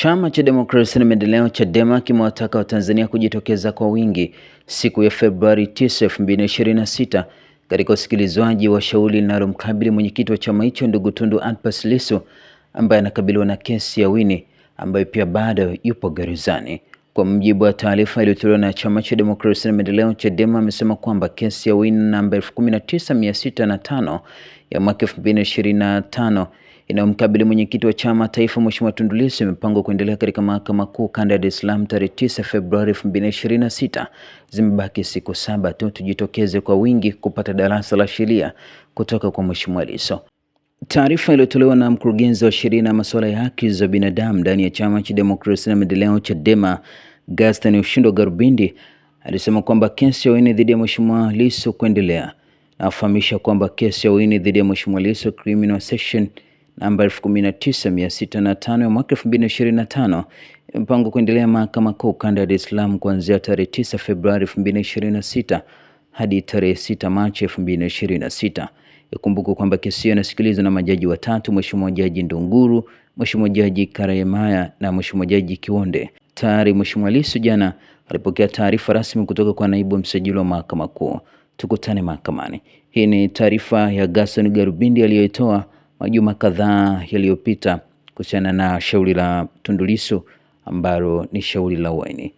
Chama cha Demokrasia na Maendeleo Chadema kimewataka Watanzania kujitokeza kwa wingi siku ya Februari 9, 2026 katika usikilizwaji wa shauri linalomkabili mwenyekiti wa chama hicho ndugu Tundu Antipas Lissu ambaye anakabiliwa na kesi ya Wini ambayo pia bado yupo gerezani. Kwa mujibu wa taarifa iliyotolewa na chama cha Demokrasia na Maendeleo Chadema, amesema kwamba kesi ya Wini namba 19605 ya mwaka 2025 inayomkabili mwenyekiti wa chama taifa Mheshimiwa Tundu Lissu imepangwa kuendelea katika mahakama kuu kanda ya Dar es Salaam tarehe 9 Februari 2026. Zimebaki siku saba tu, tujitokeze kwa wingi kupata darasa la sheria kutoka kwa Mheshimiwa Lissu. Taarifa iliyotolewa na mkurugenzi wa sheria na masuala ya haki za binadamu ndani ya chama cha demokrasia na maendeleo Chadema, Gaston Ushindo Garubindi alisema kwamba kesi ya uhaini dhidi ya Mheshimiwa Lissu kuendelea Nafahamisha kwamba kesi ya uhaini dhidi ya Mheshimiwa Lissu Criminal Section namba 19605 ya mwaka 2025 mpango kuendelea mahakama kuu kanda ya Dar es Salaam kuanzia tarehe 9 Februari 2026 hadi tarehe 6 Machi 2026. Ikumbukwe kwamba kesi hiyo inasikilizwa na majaji watatu, Mheshimiwa Jaji Ndunguru, Mheshimiwa Jaji Karayemaya na Mheshimiwa Jaji Kionde. Tayari Mheshimiwa Lissu jana alipokea taarifa rasmi kutoka kwa naibu msajili wa mahakama kuu. Tukutane mahakamani. Hii ni taarifa ya Gaston Garubindi aliyoitoa majuma kadhaa yaliyopita kuhusiana na shauri la Tundu Lissu ambalo ni shauri la uhaini.